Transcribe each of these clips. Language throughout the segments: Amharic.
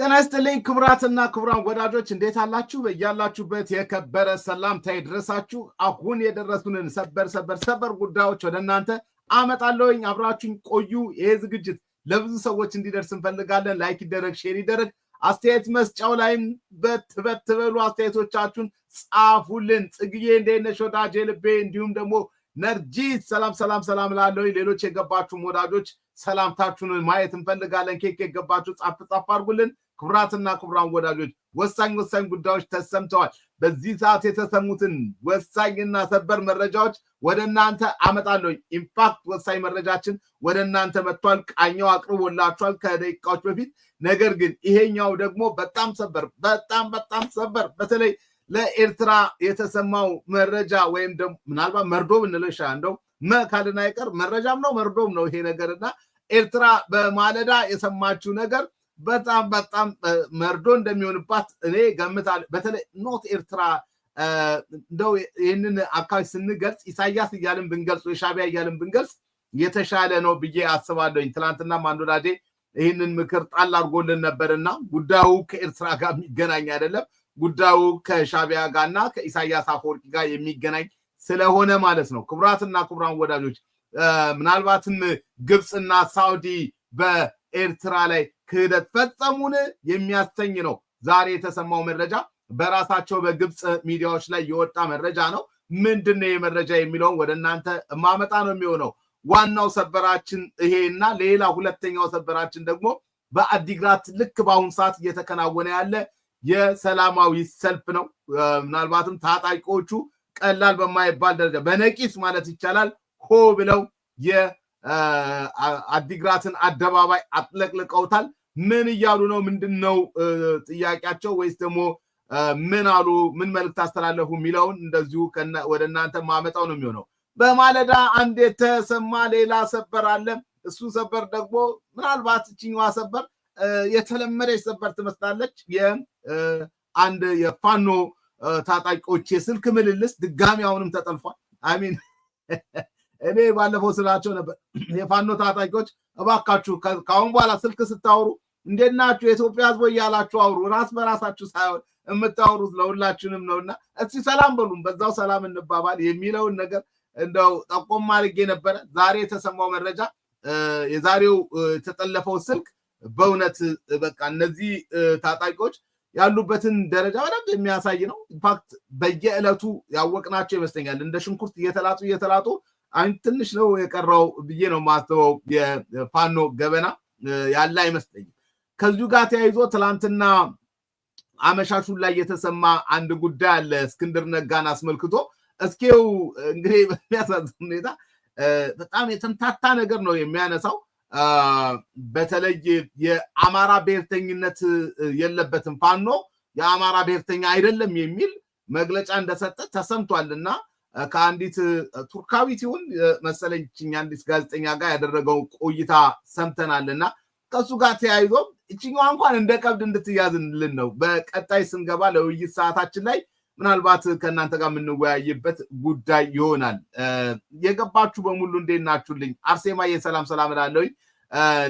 ጤና ይስጥልኝ ክቡራትና ክቡራን ወዳጆች እንዴት አላችሁ? በያላችሁበት የከበረ ሰላምታ ይድረሳችሁ። አሁን የደረሱንን ሰበር ሰበር ሰበር ጉዳዮች ወደ እናንተ አመጣለሁኝ። አብራችሁኝ ቆዩ። ይሄ ዝግጅት ለብዙ ሰዎች እንዲደርስ እንፈልጋለን። ላይክ ይደረግ፣ ሼር ይደረግ። አስተያየት መስጫው ላይም በትበት ትበሉ አስተያየቶቻችሁን ጻፉልን። ጽግዬ እንዴት ነሽ ወዳጄ ልቤ፣ እንዲሁም ደግሞ ነርጂ ሰላም ሰላም ሰላም ላለው ሌሎች የገባችሁም ወዳጆች ሰላምታችሁን ማየት እንፈልጋለን። ኬክ የገባችሁ ጻፍ ጻፍ አድርጉልን። ክቡራትና ክቡራን ወዳጆች ወሳኝ ወሳኝ ጉዳዮች ተሰምተዋል። በዚህ ሰዓት የተሰሙትን ወሳኝና ሰበር መረጃዎች ወደ እናንተ አመጣለሁ። ኢንፋክት ወሳኝ መረጃችን ወደ እናንተ መጥቷል። ቃኛው አቅርቦላችኋል ከደቂቃዎች በፊት። ነገር ግን ይሄኛው ደግሞ በጣም ሰበር፣ በጣም በጣም ሰበር በተለይ ለኤርትራ የተሰማው መረጃ ወይም ደግሞ ምናልባት መርዶ ብንለው ይሻ እንደው መካልና አይቀር መረጃም ነው መርዶም ነው ይሄ ነገርና ኤርትራ በማለዳ የሰማችው ነገር በጣም በጣም መርዶ እንደሚሆንባት እኔ ገምታለሁ። በተለይ ኖት ኤርትራ እንደው ይህንን አካባቢ ስንገልጽ ኢሳያስ እያልን ብንገልጽ የሻቢያ እያልን ብንገልጽ የተሻለ ነው ብዬ አስባለሁኝ። ትናንትና ማንዶዳዴ ይህንን ምክር ጣል አድርጎልን ነበርና ጉዳዩ ከኤርትራ ጋር የሚገናኝ አይደለም። ጉዳዩ ከሻቢያ ጋርና ከኢሳያስ አፈወርቂ ጋር የሚገናኝ ስለሆነ ማለት ነው። ክቡራትና ክቡራን ወዳጆች ምናልባትም ግብፅና ሳውዲ በኤርትራ ላይ ክህደት ፈጸሙን የሚያሰኝ ነው። ዛሬ የተሰማው መረጃ በራሳቸው በግብፅ ሚዲያዎች ላይ የወጣ መረጃ ነው። ምንድን ነው መረጃ የሚለውን ወደ እናንተ ማመጣ ነው የሚሆነው። ዋናው ሰበራችን እና ሌላ ሁለተኛው ሰበራችን ደግሞ በአዲግራት ልክ በአሁኑ ሰዓት እየተከናወነ ያለ የሰላማዊ ሰልፍ ነው። ምናልባትም ታጣቂዎቹ ቀላል በማይባል ደረጃ በነቂስ ማለት ይቻላል ሆ ብለው አዲግራትን አደባባይ አጥለቅልቀውታል። ምን እያሉ ነው? ምንድን ነው ጥያቄያቸው? ወይስ ደግሞ ምን አሉ? ምን መልእክት አስተላለፉ? የሚለውን እንደዚሁ ወደ እናንተ ማመጣው ነው የሚሆነው። በማለዳ አንድ የተሰማ ሌላ ሰበር አለ። እሱ ሰበር ደግሞ ምናልባት እችኛዋ ሰበር የተለመደች ሰበር ትመስላለች። የአንድ የፋኖ ታጣቂዎች የስልክ ምልልስ ድጋሚ አሁንም ተጠልፏል። አሚን እኔ ባለፈው ስላቸው ነበር የፋኖ ታጣቂዎች እባካችሁ ከአሁን በኋላ ስልክ ስታወሩ እንዴት የኢትዮጵያ ህዝቦ እያላችሁ አውሩ። ራስ በራሳችሁ ሳይሆን የምታወሩት ለሁላችንም ነውና እስቲ ሰላም በሉም በዛው ሰላም እንባባል የሚለውን ነገር እንደው ጠቆም አድርጌ ነበረ። ዛሬ የተሰማው መረጃ የዛሬው የተጠለፈው ስልክ በእውነት በቃ እነዚህ ታጣቂዎች ያሉበትን ደረጃ በደንብ የሚያሳይ ነው። ኢንፋክት በየዕለቱ ያወቅናቸው ይመስለኛል እንደ ሽንኩርት እየተላጡ እየተላጡ አንድ ትንሽ ነው የቀረው ብዬ ነው ማስበው። የፋኖ ገበና ያለ አይመስለኝም። ከዚሁ ጋር ተያይዞ ትላንትና አመሻሹን ላይ የተሰማ አንድ ጉዳይ አለ እስክንድር ነጋን አስመልክቶ። እስኪው እንግዲህ በሚያሳዝን ሁኔታ በጣም የተምታታ ነገር ነው የሚያነሳው። በተለይ የአማራ ብሔርተኝነት የለበትም ፋኖ የአማራ ብሔርተኛ አይደለም የሚል መግለጫ እንደሰጠ ተሰምቷል እና ከአንዲት ቱርካዊት ይሁን መሰለችኝ አንዲት ጋዜጠኛ ጋር ያደረገው ቆይታ ሰምተናል እና ከእሱ ጋር ተያይዞ እችኛዋ እንኳን እንደ ቀብድ እንድትያዝልን ነው። በቀጣይ ስንገባ ለውይይት ሰዓታችን ላይ ምናልባት ከእናንተ ጋር የምንወያይበት ጉዳይ ይሆናል። የገባችሁ በሙሉ እንዴት ናችሁልኝ? አርሴማ የሰላም ሰላም እላለሁኝ።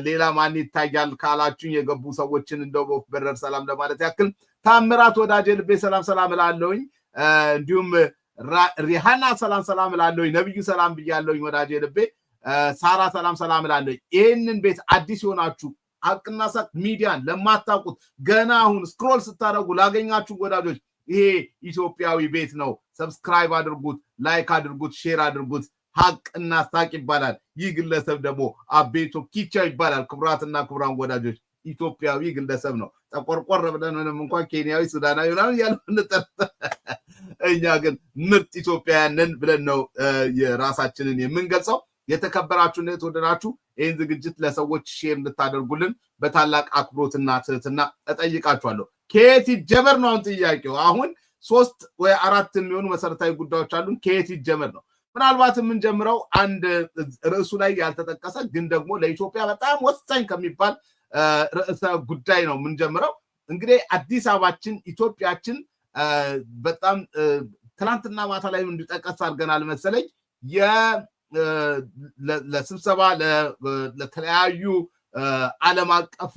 ሌላ ማን ይታያል ካላችሁኝ የገቡ ሰዎችን እንደው በወፍ በረር ሰላም ለማለት ያክል ታምራት ወዳጅ ልቤ ሰላም ሰላም እላለሁኝ። እንዲሁም ሪሃና ሰላም ሰላም እላለሁኝ። ነብዩ ሰላም ብያለሁኝ። ወዳጄ ልቤ ሳራ ሰላም ሰላም እላለሁኝ። ይህንን ቤት አዲስ የሆናችሁ ሀቅና ሳቅ ሚዲያን ለማታውቁት ገና አሁን ስክሮል ስታደርጉ ላገኛችሁ ወዳጆች ይሄ ኢትዮጵያዊ ቤት ነው። ሰብስክራይብ አድርጉት፣ ላይክ አድርጉት፣ ሼር አድርጉት። ሀቅና ሳቅ ይባላል። ይህ ግለሰብ ደግሞ አቤቶ ኪቻ ይባላል። ክቡራትና ክቡራን ወዳጆች ኢትዮጵያዊ ግለሰብ ነው። ጠቆርቆር ብለን ምንም እንኳን ኬንያዊ፣ ሱዳናዊ ምናምን እያሉ እንጠርጠ እኛ ግን ምርጥ ኢትዮጵያውያንን ብለን ነው የራሳችንን የምንገልጸው። የተከበራችሁና የተወደዳችሁ ይህን ዝግጅት ለሰዎች ሼር እንድታደርጉልን በታላቅ አክብሮትና ትህትና እጠይቃችኋለሁ። ከየት ይጀመር ነው አሁን ጥያቄው። አሁን ሶስት ወይ አራት የሚሆኑ መሰረታዊ ጉዳዮች አሉን። ከየት ይጀመር ነው። ምናልባት የምንጀምረው አንድ ርዕሱ ላይ ያልተጠቀሰ ግን ደግሞ ለኢትዮጵያ በጣም ወሳኝ ከሚባል ርዕሰ ጉዳይ ነው የምንጀምረው። እንግዲህ አዲስ አበባችን ኢትዮጵያችን በጣም ትናንትና ማታ ላይ እንዲጠቀስ አድርገናል መሰለኝ ለስብሰባ ለተለያዩ ዓለም አቀፍ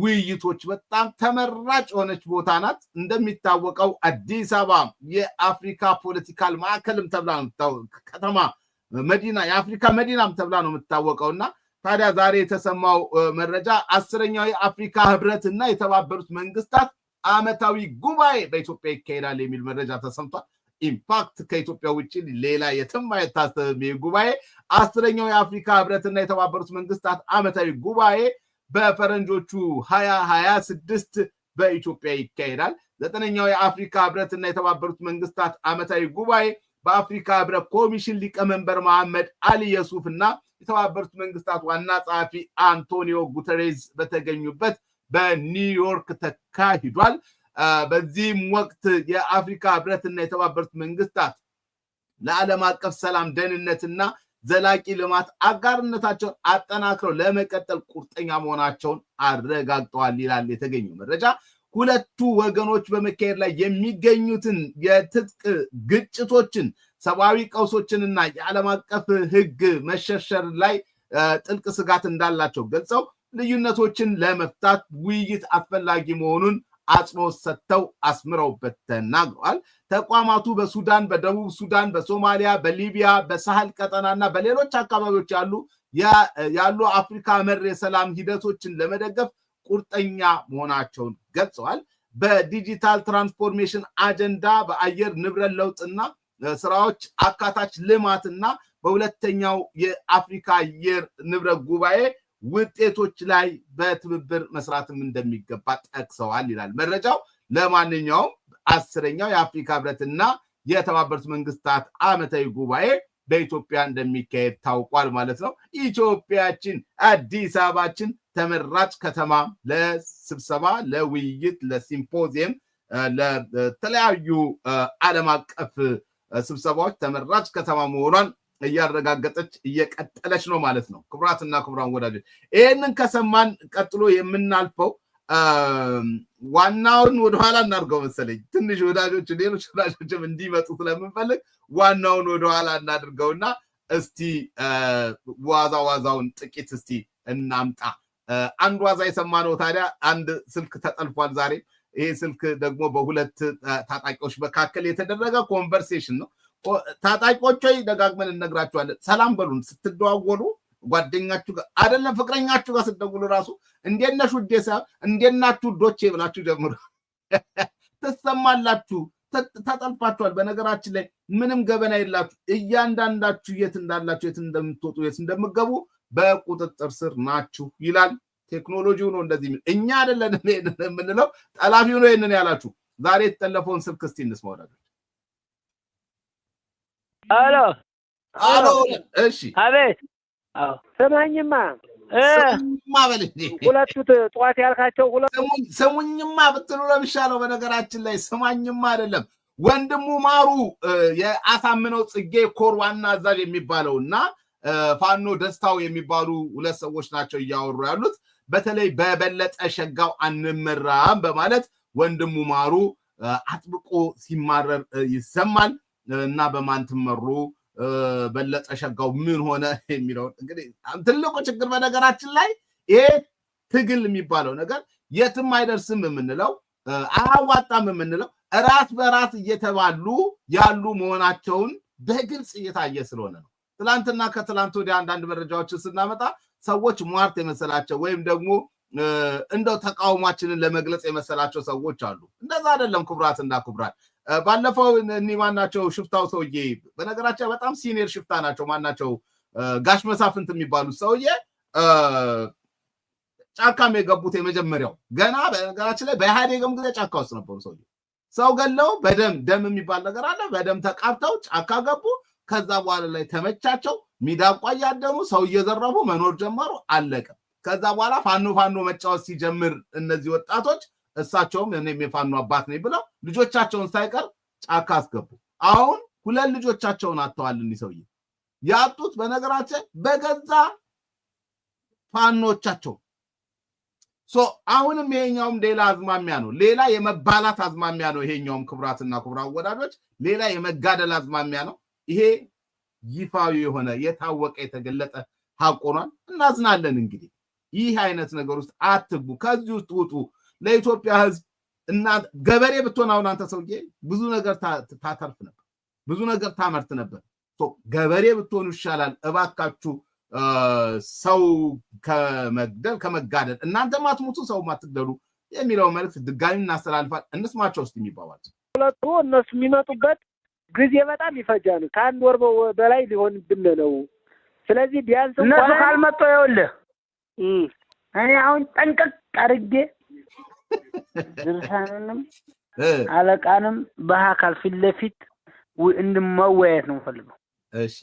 ውይይቶች በጣም ተመራጭ የሆነች ቦታ ናት። እንደሚታወቀው አዲስ አበባ የአፍሪካ ፖለቲካል ማዕከልም ተብላ ነው ከተማ መዲና የአፍሪካ መዲናም ተብላ ነው የምትታወቀው እና ታዲያ ዛሬ የተሰማው መረጃ አስረኛው የአፍሪካ ህብረት እና የተባበሩት መንግስታት አመታዊ ጉባኤ በኢትዮጵያ ይካሄዳል የሚል መረጃ ተሰምቷል። ኢንፋክት ከኢትዮጵያ ውጭ ሌላ የትም አይታሰብም። ይህ ጉባኤ አስረኛው የአፍሪካ ህብረትና የተባበሩት መንግስታት አመታዊ ጉባኤ በፈረንጆቹ ሀያ ሀያ ስድስት በኢትዮጵያ ይካሄዳል። ዘጠነኛው የአፍሪካ ህብረትና የተባበሩት መንግስታት አመታዊ ጉባኤ በአፍሪካ ህብረት ኮሚሽን ሊቀመንበር መሐመድ አሊ የሱፍ እና የተባበሩት መንግስታት ዋና ጸሐፊ አንቶኒዮ ጉተሬዝ በተገኙበት በኒውዮርክ ተካሂዷል። በዚህም ወቅት የአፍሪካ ህብረትና የተባበሩት መንግስታት ለዓለም አቀፍ ሰላም ደህንነትና ዘላቂ ልማት አጋርነታቸውን አጠናክረው ለመቀጠል ቁርጠኛ መሆናቸውን አረጋግጠዋል ይላል የተገኘው መረጃ። ሁለቱ ወገኖች በመካሄድ ላይ የሚገኙትን የትጥቅ ግጭቶችን፣ ሰብአዊ ቀውሶችንና የዓለም አቀፍ ሕግ መሸርሸር ላይ ጥልቅ ስጋት እንዳላቸው ገልጸው ልዩነቶችን ለመፍታት ውይይት አስፈላጊ መሆኑን አጽንኦት ሰጥተው አስምረውበት ተናግረዋል። ተቋማቱ በሱዳን፣ በደቡብ ሱዳን፣ በሶማሊያ፣ በሊቢያ፣ በሳህል ቀጠናና በሌሎች አካባቢዎች ያሉ ያሉ አፍሪካ መር የሰላም ሂደቶችን ለመደገፍ ቁርጠኛ መሆናቸውን ገልጸዋል። በዲጂታል ትራንስፎርሜሽን አጀንዳ በአየር ንብረት ለውጥና ስራዎች አካታች ልማትና በሁለተኛው የአፍሪካ አየር ንብረት ጉባኤ ውጤቶች ላይ በትብብር መስራትም እንደሚገባ ጠቅሰዋል ይላል መረጃው። ለማንኛውም አስረኛው የአፍሪካ ህብረትና የተባበሩት መንግስታት ዓመታዊ ጉባኤ በኢትዮጵያ እንደሚካሄድ ታውቋል ማለት ነው። ኢትዮጵያችን አዲስ አበባችን ተመራጭ ከተማ ለስብሰባ፣ ለውይይት፣ ለሲምፖዚየም፣ ለተለያዩ ዓለም አቀፍ ስብሰባዎች ተመራጭ ከተማ መሆኗን እያረጋገጠች እየቀጠለች ነው ማለት ነው። ክቡራትና ክቡራን ወዳጆች ይህንን ከሰማን ቀጥሎ የምናልፈው ዋናውን ወደኋላ እናድርገው መሰለኝ። ትንሽ ወዳጆች፣ ሌሎች ወዳጆችም እንዲመጡ ስለምንፈልግ ዋናውን ወደኋላ እናድርገውና እስቲ ዋዛ ዋዛውን ጥቂት እስቲ እናምጣ። አንድ ዋዛ የሰማነው ታዲያ አንድ ስልክ ተጠልፏል ዛሬ። ይሄ ስልክ ደግሞ በሁለት ታጣቂዎች መካከል የተደረገ ኮንቨርሴሽን ነው። ታጣቂዎች ደጋግመን እነግራቸዋለን። ሰላም በሉን ስትደዋወሉ ጓደኛችሁ ጋር አይደለም ፍቅረኛችሁ ጋር ስትደውሉ ራሱ እንዴት ነሽ ውዴ ሳይሆን እንዴት ዶቼ ብላችሁ ጀምሩ። ትሰማላችሁ። ተጠልፋችኋል። በነገራችን ላይ ምንም ገበና የላችሁ። እያንዳንዳችሁ የት እንዳላችሁ፣ የት እንደምትወጡ፣ የት እንደምገቡ በቁጥጥር ስር ናችሁ ይላል። ቴክኖሎጂው ነው እንደዚህ የሚል እኛ አይደለን የምንለው፣ ጠላፊው ነው ይህንን ያላችሁ። ዛሬ የተጠለፈውን ስልክ እስቲ እንስማ ወዳጆች። አሎ አሎ፣ እሺ፣ አቤት ስማኝማ ስሙኝማ በል ሁለቱ ጠዋት ያልካቸው ስሙኝማ ብትሉ ነው በነገራችን ላይ ስማኝማ አይደለም ወንድሙ ማሩ የአሳምነው ጽጌ ኮር ዋና አዛዥ የሚባለው እና ፋኖ ደስታው የሚባሉ ሁለት ሰዎች ናቸው እያወሩ ያሉት። በተለይ በበለጠ ሸጋው አንመራም በማለት ወንድሙ ማሩ አጥብቆ ሲማረር ይሰማል እና በማን ትመሩ በለጠ ሸጋው ምን ሆነ የሚለውን እንግዲህ ትልቁ ችግር በነገራችን ላይ ይሄ ትግል የሚባለው ነገር የትም አይደርስም የምንለው አያዋጣም የምንለው እራት በራስ እየተባሉ ያሉ መሆናቸውን በግልጽ እየታየ ስለሆነ ነው። ትላንትና ከትላንት ወዲያ አንዳንድ መረጃዎችን ስናመጣ ሰዎች ሟርት የመሰላቸው ወይም ደግሞ እንደው ተቃውሟችንን ለመግለጽ የመሰላቸው ሰዎች አሉ። እንደዛ አይደለም እና ክቡራት ባለፈው እኒ ማናቸው ሽፍታው ሰውዬ በነገራቸው በጣም ሲኒየር ሽፍታ ናቸው። ማናቸው ጋሽ መሳፍንት የሚባሉት ሰውዬ ጫካም የገቡት የመጀመሪያው ገና በነገራችን ላይ በኢህአዴግም ጊዜ ጫካ ውስጥ ነበሩ። ሰውዬ ሰው ገለው በደም ደም የሚባል ነገር አለ። በደም ተቃብተው ጫካ ገቡ። ከዛ በኋላ ላይ ተመቻቸው። ሚዳቋ እያደሙ ሰው እየዘረፉ መኖር ጀመሩ። አለቀ። ከዛ በኋላ ፋኖ ፋኖ መጫወት ሲጀምር እነዚህ ወጣቶች እሳቸውም እኔም የፋኖ አባት ነኝ ብለው ልጆቻቸውን ሳይቀር ጫካ አስገቡ። አሁን ሁለት ልጆቻቸውን አጥተዋል። እኒህ ሰውዬ ያጡት በነገራችን በገዛ ፋኖቻቸው። አሁንም ይሄኛውም ሌላ አዝማሚያ ነው፣ ሌላ የመባላት አዝማሚያ ነው። ይሄኛውም ክቡራትና ክቡራ ወዳጆች ሌላ የመጋደል አዝማሚያ ነው። ይሄ ይፋዊ የሆነ የታወቀ የተገለጠ ሀቅ ሆኗል። እናዝናለን። እንግዲህ ይህ አይነት ነገር ውስጥ አትግቡ፣ ከዚህ ውስጥ ውጡ። ለኢትዮጵያ ህዝብ እና ገበሬ ብትሆን አሁን አንተ ሰውዬ ብዙ ነገር ታተርፍ ነበር፣ ብዙ ነገር ታመርት ነበር። ገበሬ ብትሆኑ ይሻላል እባካችሁ። ሰው ከመግደል ከመጋደል እናንተ ማትሞቱ ሰው ማትግደሉ የሚለው መልክት ድጋሚ እናስተላልፋል። እንስማቸው ውስጥ የሚባባል ሁለቱ እነሱ የሚመጡበት ጊዜ በጣም ይፈጃል። ከአንድ ወር በላይ ሊሆንብን ነው። ስለዚህ ቢያንስ እነሱ ካልመጡ ይኸውልህ እኔ አሁን ጠንቀቅ አድርጌ ድርሳንንም አለቃንም በአካል ፊት ለፊት እንድመወያየት ነው ፈልገው እሺ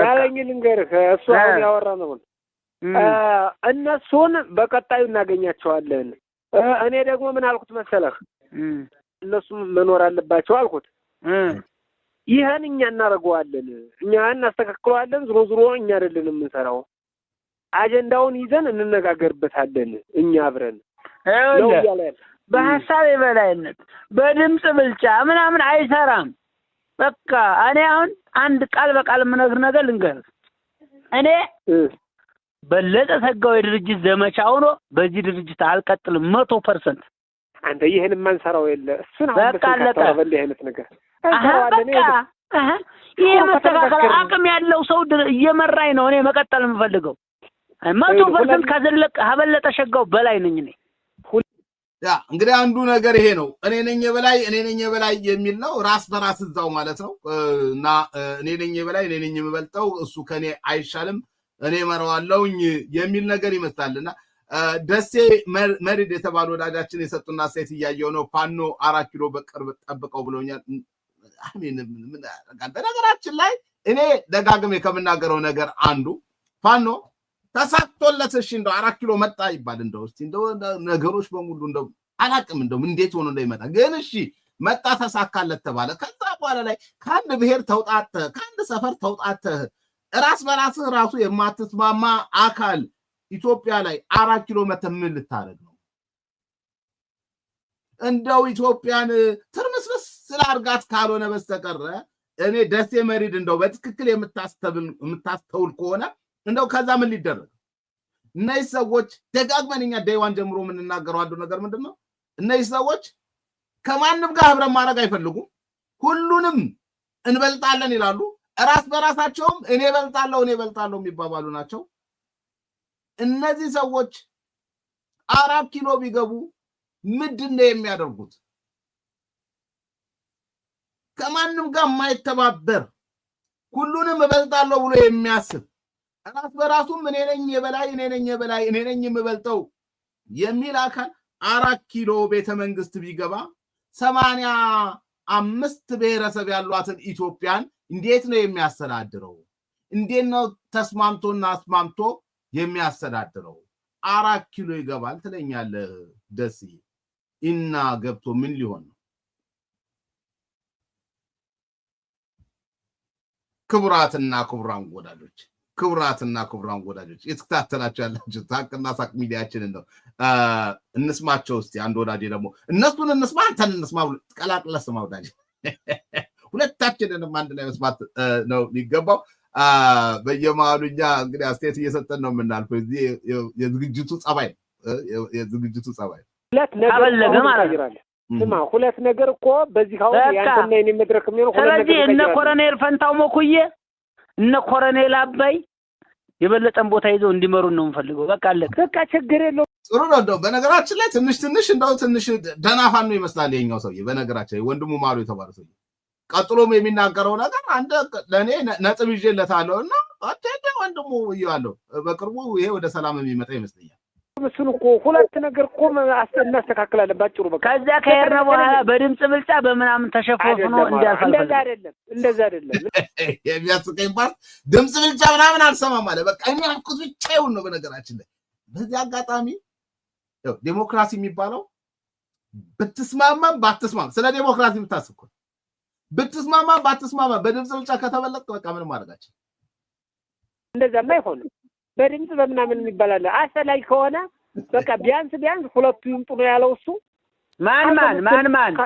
ያለኝ ልንገርህ፣ እሱ አሁን ያወራ ነው። እነሱን በቀጣዩ እናገኛቸዋለን። እኔ ደግሞ ምን አልኩት መሰለህ፣ እነሱም መኖር አለባቸው አልኩት። ይህን እኛ እናደርገዋለን፣ እኛ እናስተካክለዋለን። ዝሮ ዝሮ እኛ አይደለን የምንሰራው፣ አጀንዳውን ይዘን እንነጋገርበታለን እኛ አብረን በሀሳብ የበላይነት በድምፅ ብልጫ ምናምን አይሰራም። በቃ እኔ አሁን አንድ ቃል በቃል የምነግር ነገር ልንገር። እኔ በለጠ ሰጋው የድርጅት ዘመቻ ሆኖ በዚህ ድርጅት አልቀጥልም መቶ ፐርሰንት። አንተ ይህን የማንሰራው የለ እሱን በቃ አለቀ። በእንዲህ አይነት ነገር ይህ መስተካከል አቅም ያለው ሰው እየመራኝ ነው እኔ መቀጠል የምፈልገው መቶ ፐርሰንት። ከዘለቅ ከበለጠ ሸጋው በላይ ነኝ እኔ ያ እንግዲህ አንዱ ነገር ይሄ ነው። እኔ ነኝ የበላይ እኔ ነኝ የበላይ የሚል ነው። ራስ በራስ እዛው ማለት ነው እና እኔ ነኝ የበላይ እኔ ነኝ የምበልጠው እሱ ከኔ አይሻልም እኔ መረዋለውኝ የሚል ነገር ይመስላልና ደሴ መሪድ የተባሉ ወዳጃችን የሰጡና ሴት እያየው ነው። ፋኖ አራት ኪሎ በቅርብ ጠብቀው ብሎኛል። በነገራችን ላይ እኔ ደጋግሜ ከምናገረው ነገር አንዱ ፋኖ ተሳክቶለት እሺ እንደው አራት ኪሎ መጣ ይባል እንደው እስቲ እንደው ነገሮች በሙሉ እንደው አላቅም እንደው እንዴት ሆኖ እንደው ይመጣ ግን እሺ መጣ ተሳካለት ተባለ። ከዛ በኋላ ላይ ከአንድ ብሔር ተውጣተህ ከአንድ ሰፈር ተውጣተህ ራስ በራስህ ራሱ የማትስማማ አካል ኢትዮጵያ ላይ አራት ኪሎ መተህ ምን ልታደርግ ነው? እንደው ኢትዮጵያን ትርምስምስ ስላርጋት ካልሆነ በስተቀረ እኔ ደሴ መሪድ እንደው በትክክል የምታስተውል ከሆነ እንደው ከዛ ምን ሊደረግ እነዚህ ሰዎች ደጋግመን እኛ ደይዋን ጀምሮ የምንናገረው አንዱ ነገር ምንድን ነው? እነዚህ ሰዎች ከማንም ጋር ህብረ ማድረግ አይፈልጉም። ሁሉንም እንበልጣለን ይላሉ። እራስ በራሳቸውም እኔ በልጣለው እኔ በልጣለሁ የሚባባሉ ናቸው። እነዚህ ሰዎች አራት ኪሎ ቢገቡ ምንድን ነው የሚያደርጉት? ከማንም ጋር የማይተባበር ሁሉንም እበልጣለሁ ብሎ የሚያስብ ራስ በራሱም እኔ ነኝ የበላይ እኔ ነኝ የበላይ እኔ ነኝ የምበልጠው የሚል አካል አራት ኪሎ ቤተ መንግስት ቢገባ ሰማንያ አምስት ብሔረሰብ ያሏትን ኢትዮጵያን እንዴት ነው የሚያስተዳድረው? እንዴት ነው ተስማምቶና አስማምቶ የሚያስተዳድረው? አራት ኪሎ ይገባል ትለኛለህ ደስ እና ገብቶ ምን ሊሆን ነው? ክቡራትና ክቡራን ወዳጆች ክቡራትና ክቡራን ወዳጆች የተከታተላቸው ያላችሁ ሀቅና ሳቅ ሚዲያችንን ነው። እንስማቸው እስቲ። አንድ ወዳጅ ደግሞ እነሱን እንስማ አንተን እንስማ ቀላቅለ ስማ ወዳጅ፣ ሁለታችንንም አንድ ላይ መስማት ነው የሚገባው። በየመሃሉ እኛ እንግዲህ አስተያየት እየሰጠን ነው የምናልፈው። እዚህ የዝግጅቱ ጸባይ የዝግጅቱ ጸባይ ሁለት ነገር ስማ ሁለት ነገር እኮ በዚህ ሁ ያንተና የኔ መድረክ የሚሆን ስለዚህ እነ ኮረኔል ፈንታው ሞኩዬ እነ ኮረኔል አባይ የበለጠን ቦታ ይዘው እንዲመሩን ነው የምፈልገው። በቃ አለ በቃ ችግር የለው። ጥሩ ነው። እንደው በነገራችን ላይ ትንሽ ትንሽ እንደው ትንሽ ደህና ፋኖ ይመስላል የኛው ሰውዬ። በነገራችን ላይ ወንድሙ ማሩ የተባለ ሰውዬ ቀጥሎም የሚናገረው ነገር አንድ ለእኔ ነጥብ ይዤለታለሁ እና ወንድሙ እያለሁ በቅርቡ ይሄ ወደ ሰላም የሚመጣ ይመስለኛል። ምስሉ እኮ ሁለት ነገር እኮ እናስተካክላለን። ባጭሩ በቃ ከዚያ ከሄድነ በኋላ በድምፅ ብልጫ በምናምን ተሸፎፍኖ እንዳልፋል። እንደዛ አይደለም፣ እንደዛ አይደለም። የሚያስቀኝ ፓርት ድምፅ ብልጫ ምናምን አልሰማም አለ። በቃ የሚያልኩት ብቻ ይሁን ነው። በነገራችን ላይ በዚህ አጋጣሚ ዴሞክራሲ የሚባለው ብትስማማም ባትስማም ስለ ዴሞክራሲ የምታስብ ብትስማማም ባትስማማም በድምፅ ብልጫ ከተበለጥ በቃ ምንም ማድረጋችን እንደዛማ አይሆንም። በድምፅ በምናምን የሚባላለ አስፈላጊ ከሆነ በቃ ቢያንስ ቢያንስ ሁለቱ ይምጡ ነው ያለው። እሱ ማን ማን ማን ማን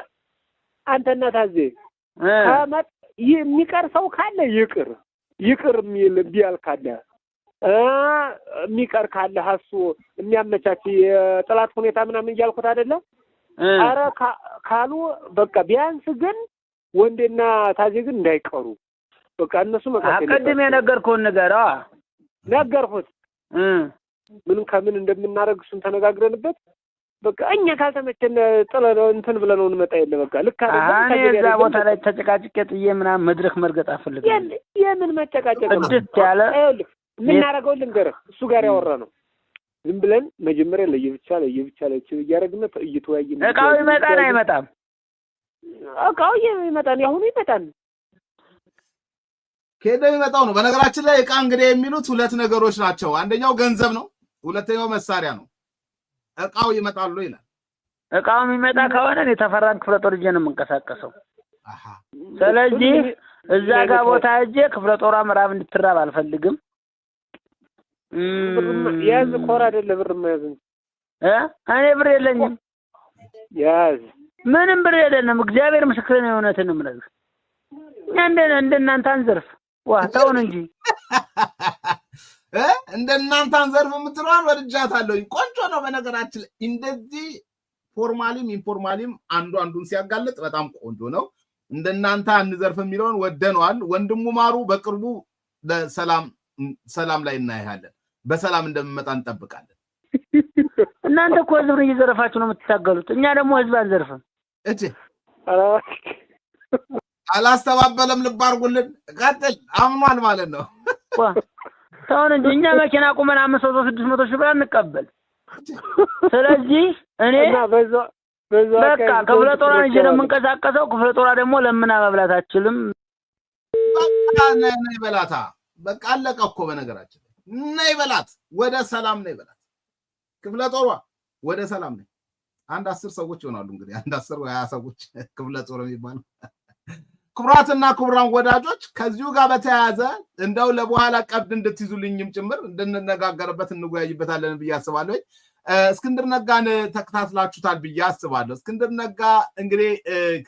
አንተና ታዜ የሚቀር ሰው ካለ ይቅር ይቅር የሚል ቢያል ካለ የሚቀር ካለ ሀሱ የሚያመቻች የጥላት ሁኔታ ምናምን እያልኩት አይደለም። አረ ካሉ በቃ ቢያንስ ግን ወንዴና ታዜ ግን እንዳይቀሩ በቃ እነሱ መቃ ቅድም ነገር አዎ ነገርኩት። ምንም ከምን እንደምናደርግ እሱን ተነጋግረንበት በቃ እኛ ካልተመቸን ጥለ እንትን ብለነው እንመጣ የለ በቃ ልክ እኔ እዛ ቦታ ላይ ተጨቃጭቄ ጥዬ ምናምን መድረክ መርገጥ አልፈልግም። የምን መጨቃጨቅ ነው? ያለ የምናደርገውን ልንገርህ፣ እሱ ጋር ያወራ ነው ዝም ብለን መጀመሪያ ለየብቻ ለየብቻ ለች እያደረግን እየተወያየን እቃው ይመጣን አይመጣም? እቃው ይመጣን፣ ያሁኑ ይመጣን ከሄደው ይመጣው ነው። በነገራችን ላይ እቃ እንግዲህ የሚሉት ሁለት ነገሮች ናቸው። አንደኛው ገንዘብ ነው፣ ሁለተኛው መሳሪያ ነው። እቃው ይመጣሉ ይላል። እቃው የሚመጣ ከሆነ የተፈራን ክፍለ ጦር ነው የምንቀሳቀሰው። ስለዚህ እዛ ጋር ቦታ እጄ ክፍለ ጦሯ ምዕራብ እንድትራብ አልፈልግም። ያዝ ኮር አይደለ ብር መያዝ እኔ ብር የለኝም። ያዝ ምንም ብር የለንም። እግዚአብሔር ነው። የእውነትን ምረግ እንደናንተ አንዘርፍ ዋ ተውን እንጂ እንደ እናንተ አንዘርፍ የምትለዋን ወድጃታለሁ። ቆንጆ ነው። በነገራችን ላይ እንደዚህ ፎርማሊም ኢንፎርማሊም አንዱ አንዱን ሲያጋልጥ በጣም ቆንጆ ነው። እንደ እናንተ አንዘርፍ የሚለውን ወደነዋል። ወንድሙ ማሩ በቅርቡ ሰላም ላይ እናያለን። በሰላም እንደምመጣ እንጠብቃለን። እናንተ እኮ ህዝብን እየዘረፋችሁ ነው የምትታገሉት። እኛ ደግሞ ህዝብ አንዘርፍም። አላስተባበለም። ልብ አድርጉልን። ቀጥል። አምኗል ማለት ነው። ሰውን እንጂ እኛ መኪና ቁመን አምስት መቶ ስድስት መቶ ሺህ ብር አንቀበል። ስለዚህ እኔ በቃ ክፍለ ጦራ ይዤ ነው የምንቀሳቀሰው። ክፍለ ጦራ ደግሞ ለምና መብላት አችልም። በቃ ነይ በላታ። በቃ አለቀ እኮ በነገራችን ነይ በላት። ወደ ሰላም ነይ በላት። ክፍለ ጦሯ ወደ ሰላም ነይ። አንድ አስር ሰዎች ይሆናሉ እንግዲህ አንድ አስር ወይ ሀያ ሰዎች ክፍለ ጦር የሚባለው ክቡራትና ክቡራን ወዳጆች ከዚሁ ጋር በተያያዘ እንደው ለበኋላ ቀብድ እንድትይዙልኝም ጭምር እንድንነጋገርበት እንወያይበታለን ብዬ አስባለሁ። እስክንድር ነጋን ተከታትላችሁታል ብዬ አስባለሁ። እስክንድር ነጋ እንግዲህ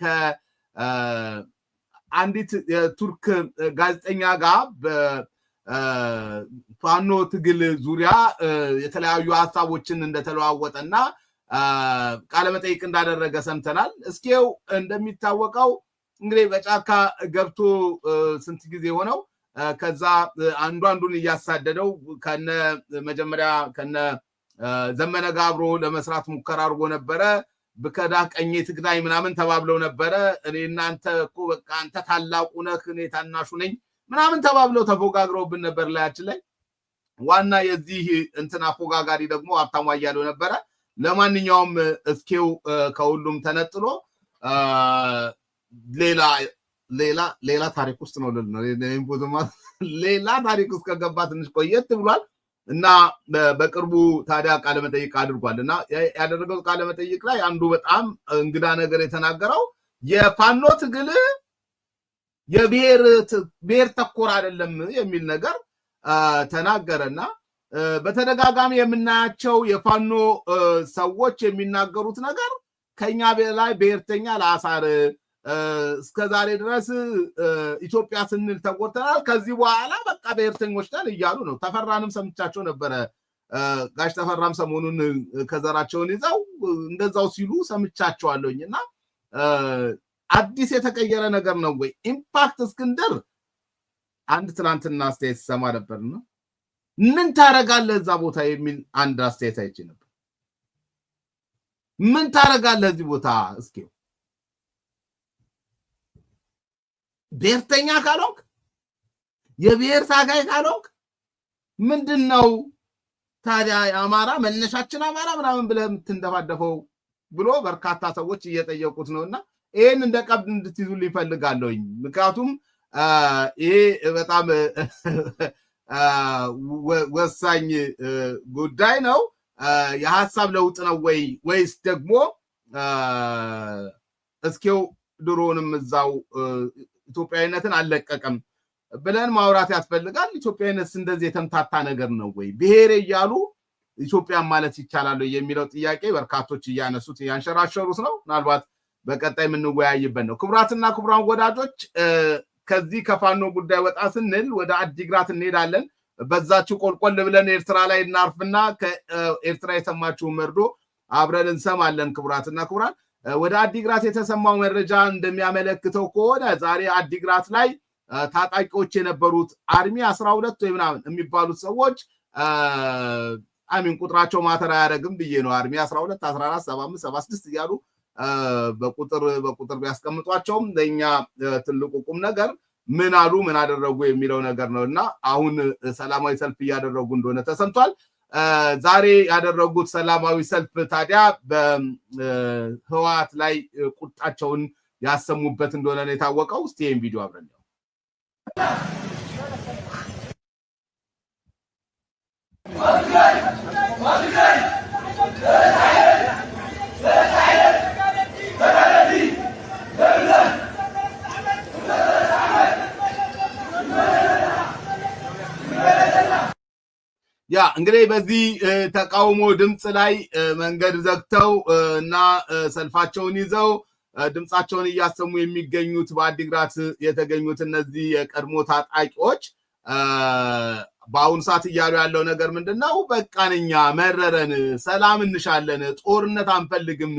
ከአንዲት የቱርክ ጋዜጠኛ ጋር በፋኖ ትግል ዙሪያ የተለያዩ ሀሳቦችን እንደተለዋወጠና ቃለመጠይቅ እንዳደረገ ሰምተናል። እስኪው እንደሚታወቀው እንግዲህ በጫካ ገብቶ ስንት ጊዜ ሆነው ከዛ አንዱ አንዱን እያሳደደው ከነ መጀመሪያ ከነ ዘመነ ጋር አብሮ ለመስራት ሙከራ አድርጎ ነበረ። ብከዳ ቀኜ ትግራይ ምናምን ተባብለው ነበረ። እኔ እናንተ እኮ በቃ አንተ ታላቁ ነህ፣ እኔ ታናሹ ነኝ ምናምን ተባብለው ተፎጋግረውብን ነበር። ላያችን ላይ ዋና የዚህ እንትን አፎጋጋሪ ደግሞ ሀብታሙ አያሌው ነበረ። ለማንኛውም እስኬው ከሁሉም ተነጥሎ ሌላ ሌላ ሌላ ታሪክ ውስጥ ነው ልል ሌላ ታሪክ ውስጥ ከገባ ትንሽ ቆየት ብሏል እና በቅርቡ ታዲያ ቃለመጠይቅ አድርጓል እና ያደረገው ቃለመጠይቅ ላይ አንዱ በጣም እንግዳ ነገር የተናገረው የፋኖ ትግል የብሔር ተኮር አይደለም የሚል ነገር ተናገረና በተደጋጋሚ የምናያቸው የፋኖ ሰዎች የሚናገሩት ነገር ከኛ ላይ ብሔርተኛ ለአሳር እስከ ዛሬ ድረስ ኢትዮጵያ ስንል ተቆጥተናል። ከዚህ በኋላ በቃ ብሔርተኞች ነን እያሉ ነው። ተፈራንም ሰምቻቸው ነበረ። ጋሽ ተፈራም ሰሞኑን ከዘራቸውን ይዘው እንደዛው ሲሉ ሰምቻቸዋለኝ። እና አዲስ የተቀየረ ነገር ነው ወይ? ኢምፓክት እስክንድር አንድ ትናንትና አስተያየት ሲሰማ ነበር እና ምን ታደረጋለ እዛ ቦታ የሚል አንድ አስተያየት አይቼ ነበር። ምን ታረጋለህ እዚህ ቦታ እስኪው ብሔርተኛ ካልሆንክ የብሔር ታጋይ ካልሆንክ ምንድን ነው ታዲያ አማራ መነሻችን አማራ ምናምን ብለህ የምትንደፋደፈው ብሎ በርካታ ሰዎች እየጠየቁት ነው እና ይህን እንደ ቀብድ እንድትይዙ ይፈልጋለሁኝ። ምክንያቱም ይሄ በጣም ወሳኝ ጉዳይ ነው። የሀሳብ ለውጥ ነው ወይ ወይስ ደግሞ እስኪው ድሮንም እዛው ኢትዮጵያዊነትን አልለቀቀም ብለን ማውራት ያስፈልጋል። ኢትዮጵያዊነት እንደዚህ የተምታታ ነገር ነው ወይ ብሔሬ እያሉ ኢትዮጵያን ማለት ይቻላሉ የሚለው ጥያቄ በርካቶች እያነሱት እያንሸራሸሩት ነው። ምናልባት በቀጣይ የምንወያይበት ነው። ክቡራትና ክቡራን ወዳጆች ከዚህ ከፋኖ ጉዳይ ወጣ ስንል ወደ አዲግራት እንሄዳለን። በዛችው ቆልቆል ብለን ኤርትራ ላይ እናርፍና ከኤርትራ የሰማችሁ መርዶ አብረን እንሰማለን። ክቡራትና ክቡራን ወደ አዲግራት የተሰማው መረጃ እንደሚያመለክተው ከሆነ ዛሬ አዲግራት ላይ ታጣቂዎች የነበሩት አርሚ አስራ ሁለት ወይ ምናምን የሚባሉት ሰዎች አሚን ቁጥራቸው ማተር አያደረግም ብዬ ነው። አርሚ አስራ ሁለት አስራ አራት ሰባ አምስት ሰባ ስድስት እያሉ በቁጥር በቁጥር ቢያስቀምጧቸውም ለእኛ ትልቁ ቁም ነገር ምን አሉ ምን አደረጉ የሚለው ነገር ነው እና አሁን ሰላማዊ ሰልፍ እያደረጉ እንደሆነ ተሰምቷል። ዛሬ ያደረጉት ሰላማዊ ሰልፍ ታዲያ በህወሓት ላይ ቁጣቸውን ያሰሙበት እንደሆነ ነው የታወቀው። እስቲ ይህም ቪዲዮ አብረን ነው Let's ያ እንግዲህ በዚህ ተቃውሞ ድምፅ ላይ መንገድ ዘግተው እና ሰልፋቸውን ይዘው ድምፃቸውን እያሰሙ የሚገኙት በአዲግራት የተገኙት እነዚህ የቀድሞ ታጣቂዎች በአሁኑ ሰዓት እያሉ ያለው ነገር ምንድን ነው? በቃንኛ መረረን፣ ሰላም እንሻለን፣ ጦርነት አንፈልግም።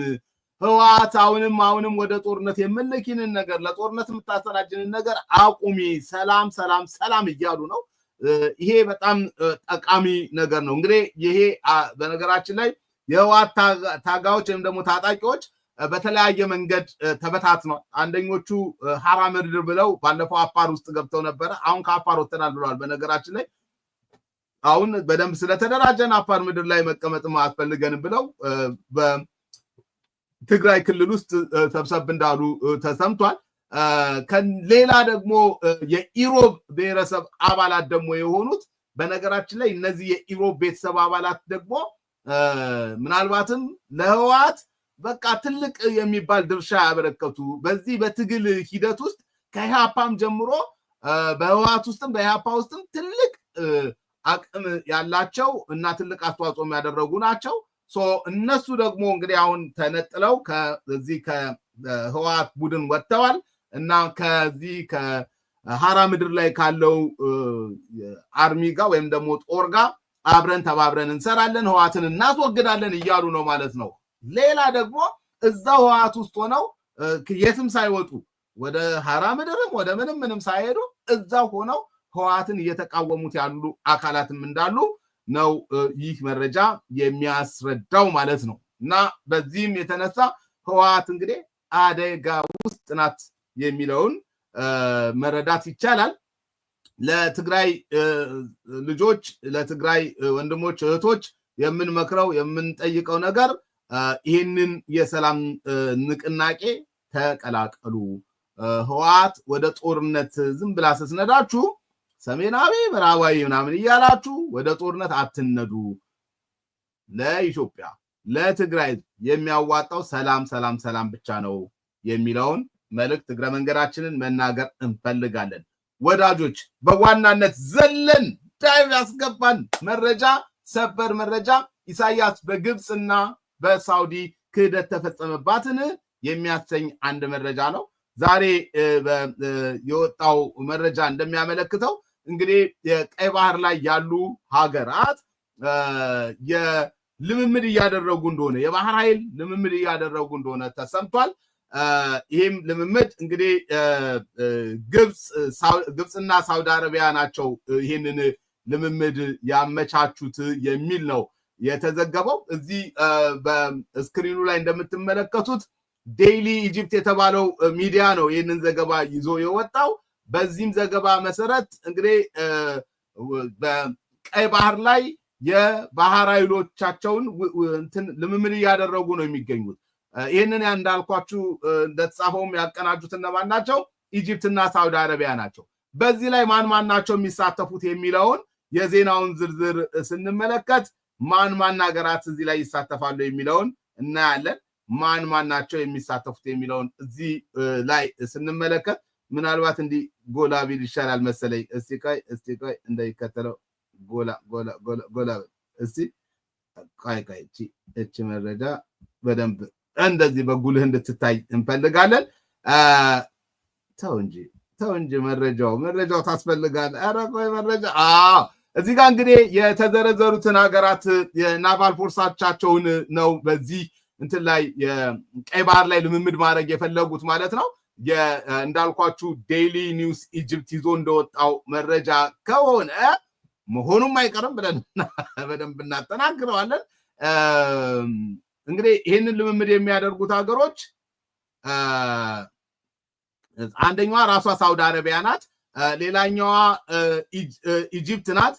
ህወሓት አሁንም አሁንም ወደ ጦርነት የምልኪንን ነገር ለጦርነት የምታሰናጅንን ነገር አቁሚ፣ ሰላም ሰላም ሰላም እያሉ ነው። ይሄ በጣም ጠቃሚ ነገር ነው። እንግዲህ ይሄ በነገራችን ላይ የህወሓት ታጋዎች ወይም ደግሞ ታጣቂዎች በተለያየ መንገድ ተበታትነዋል። አንደኞቹ ሀራ ምድር ብለው ባለፈው አፋር ውስጥ ገብተው ነበረ። አሁን ከአፋር ወተናል ብለዋል። በነገራችን ላይ አሁን በደንብ ስለተደራጀን አፋር ምድር ላይ መቀመጥም አያስፈልገንም ብለው በትግራይ ክልል ውስጥ ሰብሰብ እንዳሉ ተሰምቷል። ከሌላ ደግሞ የኢሮብ ብሔረሰብ አባላት ደግሞ የሆኑት በነገራችን ላይ እነዚህ የኢሮብ ቤተሰብ አባላት ደግሞ ምናልባትም ለህወሓት በቃ ትልቅ የሚባል ድርሻ ያበረከቱ በዚህ በትግል ሂደት ውስጥ ከኢህአፓም ጀምሮ በህወሓት ውስጥም በኢህአፓ ውስጥም ትልቅ አቅም ያላቸው እና ትልቅ አስተዋጽኦም ያደረጉ ናቸው። እነሱ ደግሞ እንግዲህ አሁን ተነጥለው ከዚህ ከህወሓት ቡድን ወጥተዋል። እና ከዚህ ከሀራ ምድር ላይ ካለው አርሚ ጋር ወይም ደግሞ ጦር ጋር አብረን ተባብረን እንሰራለን፣ ህዋትን እናስወግዳለን እያሉ ነው ማለት ነው። ሌላ ደግሞ እዛው ህዋት ውስጥ ሆነው የትም ሳይወጡ ወደ ሀራ ምድርም ወደ ምንም ምንም ሳይሄዱ እዛው ሆነው ህዋትን እየተቃወሙት ያሉ አካላትም እንዳሉ ነው ይህ መረጃ የሚያስረዳው ማለት ነው። እና በዚህም የተነሳ ህወሓት እንግዲህ አደጋ ውስጥ ናት የሚለውን መረዳት ይቻላል። ለትግራይ ልጆች፣ ለትግራይ ወንድሞች እህቶች የምንመክረው የምንጠይቀው ነገር ይህንን የሰላም ንቅናቄ ተቀላቀሉ። ህወሓት ወደ ጦርነት ዝም ብላ ስትነዳችሁ ሰሜናዊ ምዕራባዊ ምናምን እያላችሁ ወደ ጦርነት አትነዱ። ለኢትዮጵያ ለትግራይ የሚያዋጣው ሰላም ሰላም ሰላም ብቻ ነው የሚለውን መልእክት እግረ መንገዳችንን መናገር እንፈልጋለን። ወዳጆች በዋናነት ዘለን ዳይቭ ያስገባን መረጃ ሰበር መረጃ ኢሳያስ በግብፅና በሳውዲ ክህደት ተፈጸመባትን የሚያሰኝ አንድ መረጃ ነው። ዛሬ የወጣው መረጃ እንደሚያመለክተው እንግዲህ የቀይ ባህር ላይ ያሉ ሀገራት የልምምድ እያደረጉ እንደሆነ የባህር ኃይል ልምምድ እያደረጉ እንደሆነ ተሰምቷል። ይህም ልምምድ እንግዲህ ግብፅና ሳውዲ አረቢያ ናቸው ይህንን ልምምድ ያመቻቹት የሚል ነው የተዘገበው። እዚህ በስክሪኑ ላይ እንደምትመለከቱት ዴይሊ ኢጂፕት የተባለው ሚዲያ ነው ይህንን ዘገባ ይዞ የወጣው። በዚህም ዘገባ መሰረት እንግዲህ በቀይ ባህር ላይ የባህር ኃይሎቻቸውን ልምምድ እያደረጉ ነው የሚገኙት። ይህንን እንዳልኳችሁ እንደተጻፈውም ያቀናጁት እነማን ናቸው? ኢጅፕትና ሳውዲ አረቢያ ናቸው። በዚህ ላይ ማን ማን ናቸው የሚሳተፉት የሚለውን የዜናውን ዝርዝር ስንመለከት ማን ማን ሀገራት እዚህ ላይ ይሳተፋሉ የሚለውን እናያለን። ማን ማን ናቸው የሚሳተፉት የሚለውን እዚህ ላይ ስንመለከት ምናልባት እንዲህ ጎላ ቢል ይሻላል መሰለኝ። እስቲ ቆይ እስቲ ቆይ እንደሚከተለው ጎላ ጎላ ጎላ እስቲ ቆይ ቆይ እቺ መረጃ በደንብ እንደዚህ በጉልህ እንድትታይ እንፈልጋለን። ተው እንጂ ተው እንጂ መረጃው መረጃው ታስፈልጋል። ኧረ ቆይ መረጃ እዚህ ጋር እንግዲህ የተዘረዘሩትን ሀገራት የናቫል ፎርሳቻቸውን ነው በዚህ እንትን ላይ ቀይ ባህር ላይ ልምምድ ማድረግ የፈለጉት ማለት ነው። እንዳልኳችሁ ዴይሊ ኒውስ ኢጅፕት ይዞ እንደወጣው መረጃ ከሆነ መሆኑም አይቀርም ብለን በደንብ እናጠናግረዋለን። እንግዲህ ይህንን ልምምድ የሚያደርጉት ሀገሮች አንደኛዋ ራሷ ሳውዲ አረቢያ ናት፣ ሌላኛዋ ኢጅፕት ናት፣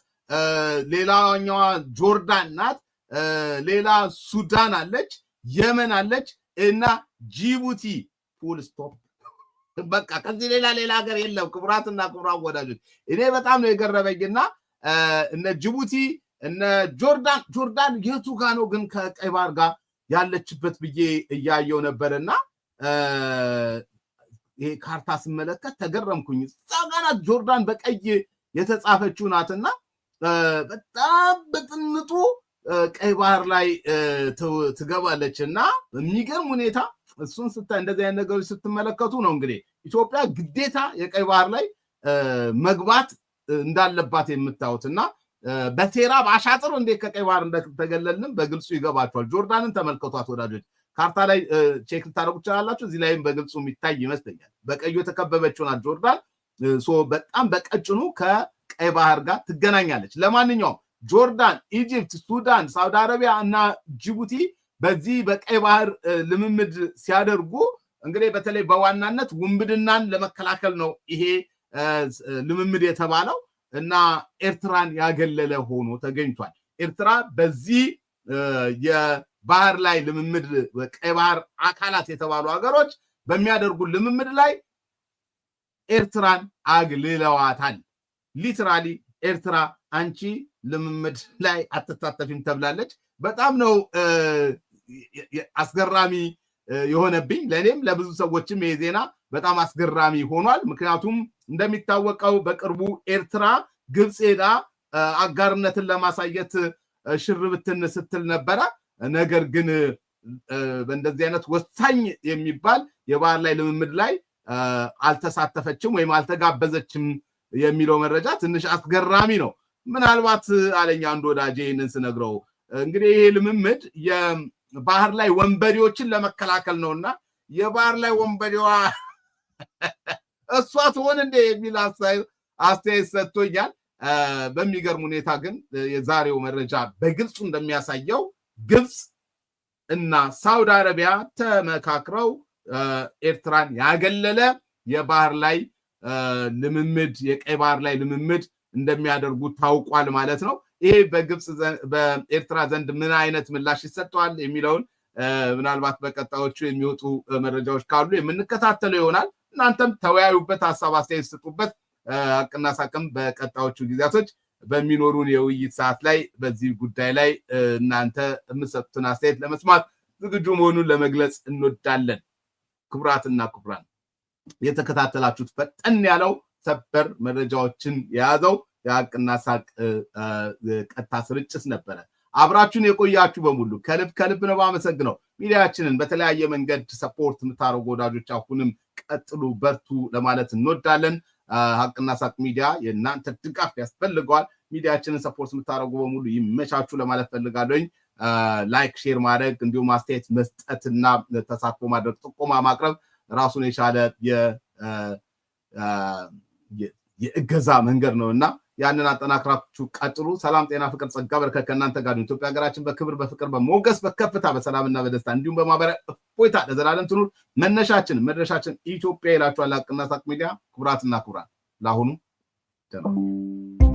ሌላኛዋ ጆርዳን ናት፣ ሌላ ሱዳን አለች፣ የመን አለች እና ጂቡቲ ፑል ስቶፕ። በቃ ከዚህ ሌላ ሌላ ሀገር የለም። ክቡራትና ክቡራን ወዳጆች እኔ በጣም ነው የገረመኝና እነ ጅቡቲ እነ ጆርዳን ጆርዳን የቱ ጋ ነው ግን ከቀይ ባህር ጋር ያለችበት ብዬ እያየው ነበርና ይሄ ካርታ ስመለከት ተገረምኩኝ። እዛ ጆርዳን በቀይ የተጻፈችው ናትና በጣም በጥንጡ ቀይ ባህር ላይ ትገባለች እና በሚገርም ሁኔታ እሱን ስታ እንደዚህ አይነት ነገሮች ስትመለከቱ ነው እንግዲህ ኢትዮጵያ ግዴታ የቀይ ባህር ላይ መግባት እንዳለባት የምታዩት እና በቴራ አሻጥር እንዴት ከቀይ ባህር እንደተገለልንም በግልጹ ይገባቸዋል። ጆርዳንን ተመልከቷት ወዳጆች፣ ካርታ ላይ ቼክ ልታደረጉ ትችላላችሁ። እዚህ ላይም በግልጹ የሚታይ ይመስለኛል። በቀዩ የተከበበችው ናት ጆርዳን። በጣም በቀጭኑ ከቀይ ባህር ጋር ትገናኛለች። ለማንኛውም ጆርዳን፣ ኢጅፕት፣ ሱዳን፣ ሳውዲ አረቢያ እና ጅቡቲ በዚህ በቀይ ባህር ልምምድ ሲያደርጉ እንግዲህ በተለይ በዋናነት ውንብድናን ለመከላከል ነው ይሄ ልምምድ የተባለው። እና ኤርትራን ያገለለ ሆኖ ተገኝቷል። ኤርትራ በዚህ የባህር ላይ ልምምድ ቀይ ባህር አካላት የተባሉ ሀገሮች በሚያደርጉ ልምምድ ላይ ኤርትራን አግልለዋታል። ሊትራሊ ኤርትራ አንቺ ልምምድ ላይ አትታተፊም ተብላለች። በጣም ነው አስገራሚ የሆነብኝ ለእኔም ለብዙ ሰዎችም ይሄ ዜና በጣም አስገራሚ ሆኗል። ምክንያቱም እንደሚታወቀው በቅርቡ ኤርትራ ግብፅ ሄዳ አጋርነትን ለማሳየት ሽርብትን ስትል ነበረ። ነገር ግን በእንደዚህ አይነት ወሳኝ የሚባል የባህር ላይ ልምምድ ላይ አልተሳተፈችም ወይም አልተጋበዘችም የሚለው መረጃ ትንሽ አስገራሚ ነው። ምናልባት አለኝ አንድ ወዳጄ ይህንን ስነግረው እንግዲህ ይሄ ልምምድ ባህር ላይ ወንበዴዎችን ለመከላከል ነውና የባህር ላይ ወንበዴዋ እሷ ትሆን እንደ የሚል አስተያየት ሰጥቶኛል። በሚገርም ሁኔታ ግን የዛሬው መረጃ በግልጹ እንደሚያሳየው ግብፅ እና ሳውዲ አረቢያ ተመካክረው ኤርትራን ያገለለ የባህር ላይ ልምምድ የቀይ ባህር ላይ ልምምድ እንደሚያደርጉ ታውቋል ማለት ነው። ይሄ በግብፅ በኤርትራ ዘንድ ምን አይነት ምላሽ ይሰጠዋል የሚለውን ምናልባት በቀጣዮቹ የሚወጡ መረጃዎች ካሉ የምንከታተለው ይሆናል። እናንተም ተወያዩበት፣ ሀሳብ አስተያየት ስጡበት። አቅና ሳቅም በቀጣዮቹ ጊዜያቶች በሚኖሩን የውይይት ሰዓት ላይ በዚህ ጉዳይ ላይ እናንተ የምሰጡትን አስተያየት ለመስማት ዝግጁ መሆኑን ለመግለጽ እንወዳለን። ክቡራትና ክቡራን የተከታተላችሁት ፈጠን ያለው ሰበር መረጃዎችን የያዘው የሀቅና ሳቅ ቀጥታ ስርጭት ነበረ። አብራችሁን የቆያችሁ በሙሉ ከልብ ከልብ ነው በመሰግነው ሚዲያችንን በተለያየ መንገድ ሰፖርት የምታደርጉ ወዳጆች አሁንም ቀጥሉ፣ በርቱ ለማለት እንወዳለን። ሀቅና ሳቅ ሚዲያ የእናንተ ድጋፍ ያስፈልገዋል። ሚዲያችንን ሰፖርት የምታደርጉ በሙሉ ይመቻችሁ ለማለት ፈልጋለኝ። ላይክ፣ ሼር ማድረግ እንዲሁም አስተያየት መስጠትና ተሳትፎ ማድረግ ጥቆማ ማቅረብ ራሱን የቻለ የእገዛ መንገድ ነው እና ያንን አጠናክራችሁ ቀጥሉ። ሰላም፣ ጤና፣ ፍቅር፣ ጸጋ፣ በረከት ከእናንተ ጋር ኢትዮጵያ ሀገራችን በክብር በፍቅር በሞገስ በከፍታ በሰላምና በደስታ እንዲሁም በማህበራዊ እፎይታ ለዘላለም ትኑር። መነሻችን መድረሻችን ኢትዮጵያ ይላችኋል። ሀቅና ሳቅ ሚዲያ። ክቡራትና ክቡራን ለአሁኑ ደህና